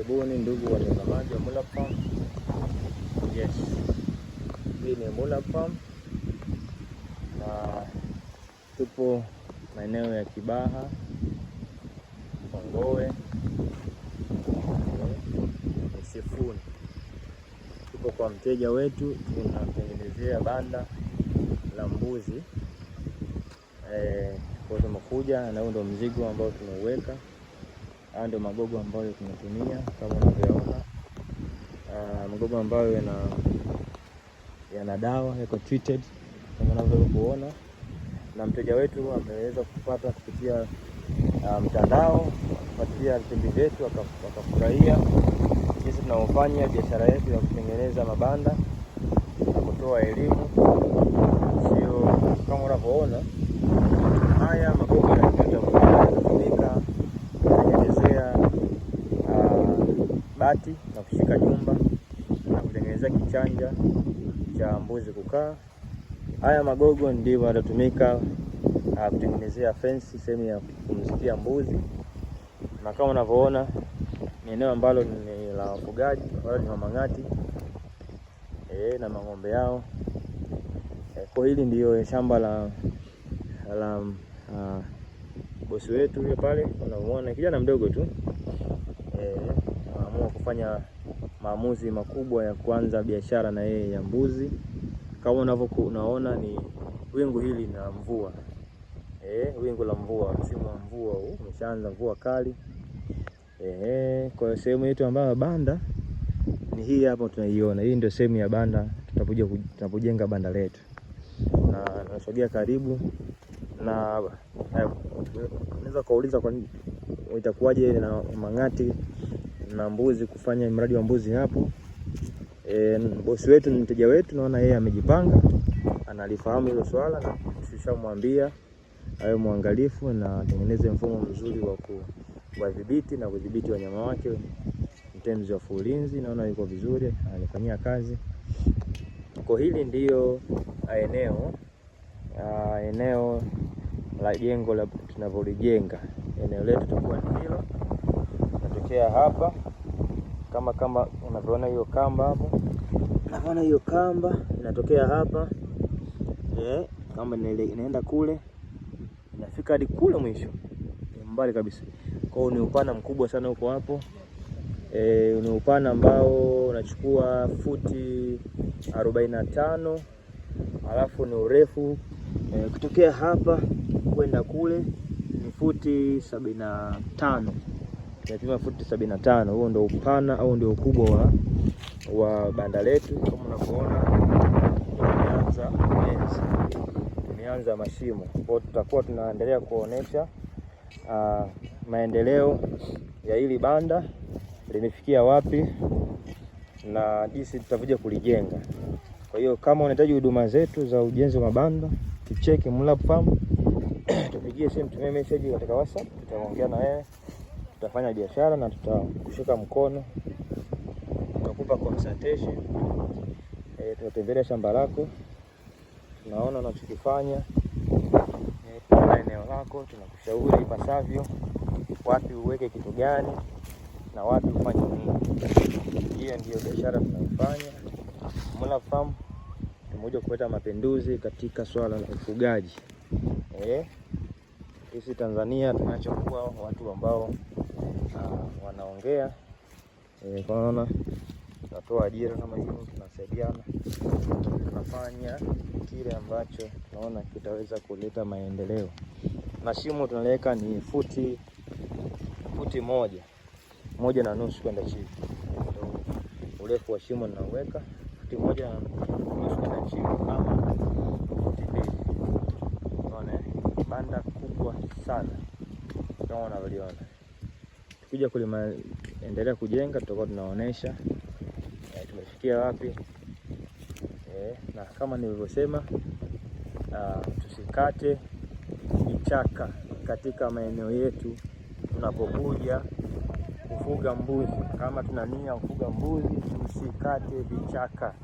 Karibuni ndugu watazamaji wa Muller Farm. Yes, hii ni Muller Farm na tupo maeneo ya Kibaha Kongowe sifuni Tupo kwa mteja wetu, tunatengenezea banda la mbuzi e, kwa tumekuja na huo ndo mzigo ambao tumeuweka. Haya ndio magogo ambayo tunatumia kama unavyoona, ah, magogo ambayo yana yana dawa yako treated kama unavyoona, na mteja wetu ameweza kupata kupitia ah, mtandao, kupitia vipindi vyetu akafurahia sisi tunaofanya biashara yetu ya kutengeneza mabanda na kutoa elimu, sio kama unavyoona kutengeneza kichanja cha mbuzi kukaa. Haya magogo ndivyo uh, kutengenezea fensi, sehemu ya kupumzikia mbuzi, na kama unavyoona ni eneo ambalo ni la wafugaji wala ni mamang'ati e, eh, na mang'ombe yao e, kwa hili ndiyo shamba la, la uh, bosi wetu huyo pale unamwona kijana mdogo tu e, eh, aamua kufanya maamuzi makubwa ya kuanza biashara na yeye ya mbuzi. Kama unavyokuwa unaona ni wingu hili na mvua e, wingu la mvua, msimu wa mvua huu umeshaanza, mvua kali e. Kwa hiyo sehemu yetu ambayo banda ni hii hapa tunaiona, hii ndio sehemu ya banda tutakuja tunapojenga banda letu, na nasogea karibu na eh, naweza kuuliza kwa nini itakuwaje na mang'ati na mbuzi kufanya mradi wa mbuzi hapo. E, bosi wetu ni mteja wetu, naona yeye amejipanga, analifahamu hilo swala, na tushamwambia awe mwangalifu na atengeneze mfumo mzuri wa kuwadhibiti na kudhibiti wanyama wake in terms of ulinzi. Naona yuko vizuri, anafanyia kazi. Kwa hili ndio eneo eneo la jengo tunavolijenga eneo letu tutakuwa ni hilo kutokea hapa kama kama unavyoona hiyo kamba hapo, naona hiyo kamba inatokea hapa eh, kamba inaenda kule inafika hadi kule mwisho mbali kabisa. Kwa hiyo ni upana mkubwa sana huko hapo e, ni upana ambao unachukua futi 45 alafu ni urefu e, kutokea hapa kwenda kule ni futi 75 imepima futi 75. Huo ndio upana au ndio ukubwa wa, wa banda letu kama unavyoona, tumeanza tumeanza mashimo. Kwa hiyo tutakuwa tunaendelea kuonesha uh, maendeleo ya hili banda limefikia wapi na jinsi tutakuja kulijenga. Kwa hiyo kama unahitaji huduma zetu za ujenzi wa mabanda, tucheki Mulap Farm tupigie simu, tumie message katika WhatsApp, tutaongea na wewe tutafanya biashara na tutakushika mkono, tutakupa consultation e, tutatembelea shamba lako, tunaona unachokifanya e, eneo lako tunakushauri ipasavyo, wapi uweke kitu gani na wapi ufanye nini. Hiyo ndiyo biashara tunayofanya Mula Farm, tumekuja kuleta mapinduzi katika swala la ufugaji e. Sisi Tanzania tunachokuwa watu ambao uh, wanaongea e, eh, kanaona tunatoa ajira kama hiyo, tunasaidiana, tunafanya kile ambacho tunaona kitaweza kuleta maendeleo, na shimo tunaweka ni futi futi moja moja na nusu kwenda chini, ndio urefu wa shimo ninaweka futi moja na nusu kwenda chini, kama futi mbili banda kubwa sana kama unavyoona. Tukija kuendelea kujenga, tutakuwa tunaonesha e, tumefikia wapi e, na kama nilivyosema, ah, tusikate vichaka katika maeneo yetu tunapokuja kufuga mbuzi. Kama tuna nia kufuga mbuzi, tusikate vichaka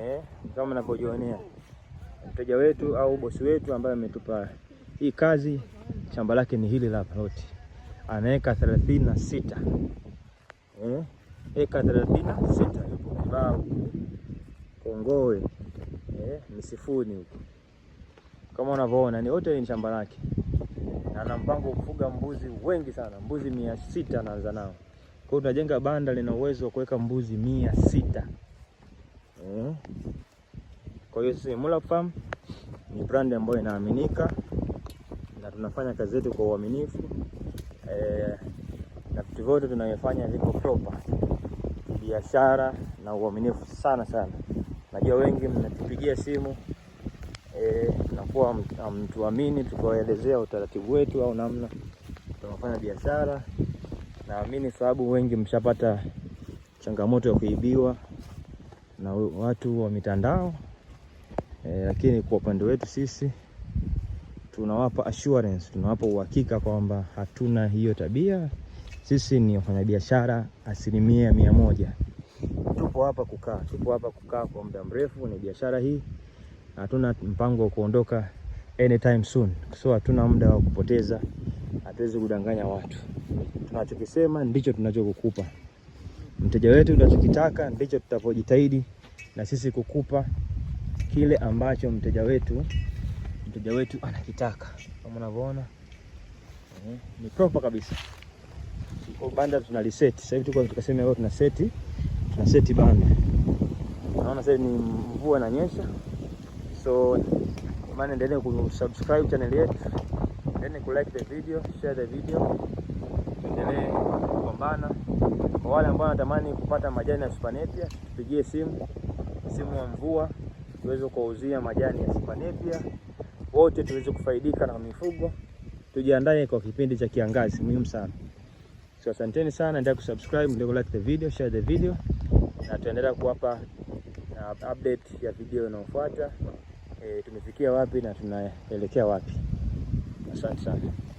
e, kama navyojionea mteja wetu au bosi wetu ambaye ametupa hii kazi, shamba lake ni hili la ploti, anaeka thelathini na sita eh, eka thelathini na sita yupo Kibao Kongowe eh, Misifuni huko kama unavyoona, ni yote ni shamba lake, na ana mpango kufuga mbuzi wengi sana, mbuzi mia sita anaanza nao. Kwa hiyo tunajenga banda lina uwezo wa kuweka mbuzi mia sita eh. Kwa hiyo sisi Simulap Farm ni brand ambayo inaaminika tunafanya kazi yetu kwa uaminifu e, na vitu vyote tunayofanya viko proper, biashara na uaminifu sana sana. Najua wengi mnatupigia simu e, eh, nakuwa mtuamini tukawaelezea utaratibu wetu au namna tunafanya biashara. Naamini sababu wengi mshapata changamoto ya kuibiwa na watu wa mitandao e, lakini kwa upande wetu sisi tunawapa assurance, tunawapa uhakika kwamba hatuna hiyo tabia. Sisi ni wafanyabiashara asilimia mia moja. Tupo hapa kukaa, tupo hapa kukaa kwa muda mrefu, ni biashara hii, hatuna mpango wa kuondoka anytime soon, so hatuna muda wa kupoteza, hatuwezi kudanganya watu. Tunachokisema ndicho tunachokukupa mteja wetu, tunachokitaka ndicho tutapojitahidi na sisi kukupa kile ambacho mteja wetu mteja wetu anakitaka kama unavyoona eh, ni proper kabisa. Kwa banda tuna reset sasa hivi, tuko katika sehemu ambayo tuna set tuna set banda. Naona sasa ni mvua na nyesha, so maana endelee kusubscribe channel yetu, endelee ku like the video, share the video, endelee kupambana. Kwa wale ambao wanatamani kupata majani ya Supanepia, tupigie simu simu ya mvua tuweze kuwauzia majani ya Supanepia wote tuweze kufaidika na mifugo, tujiandae kwa kipindi cha kiangazi muhimu sana. So asanteni sana, endelea kusubscribe, endelea like the video, share the video, na tuendelea kuwapa uh, update ya video inayofuata. E, tumefikia wapi na tunaelekea wapi. Asante sana.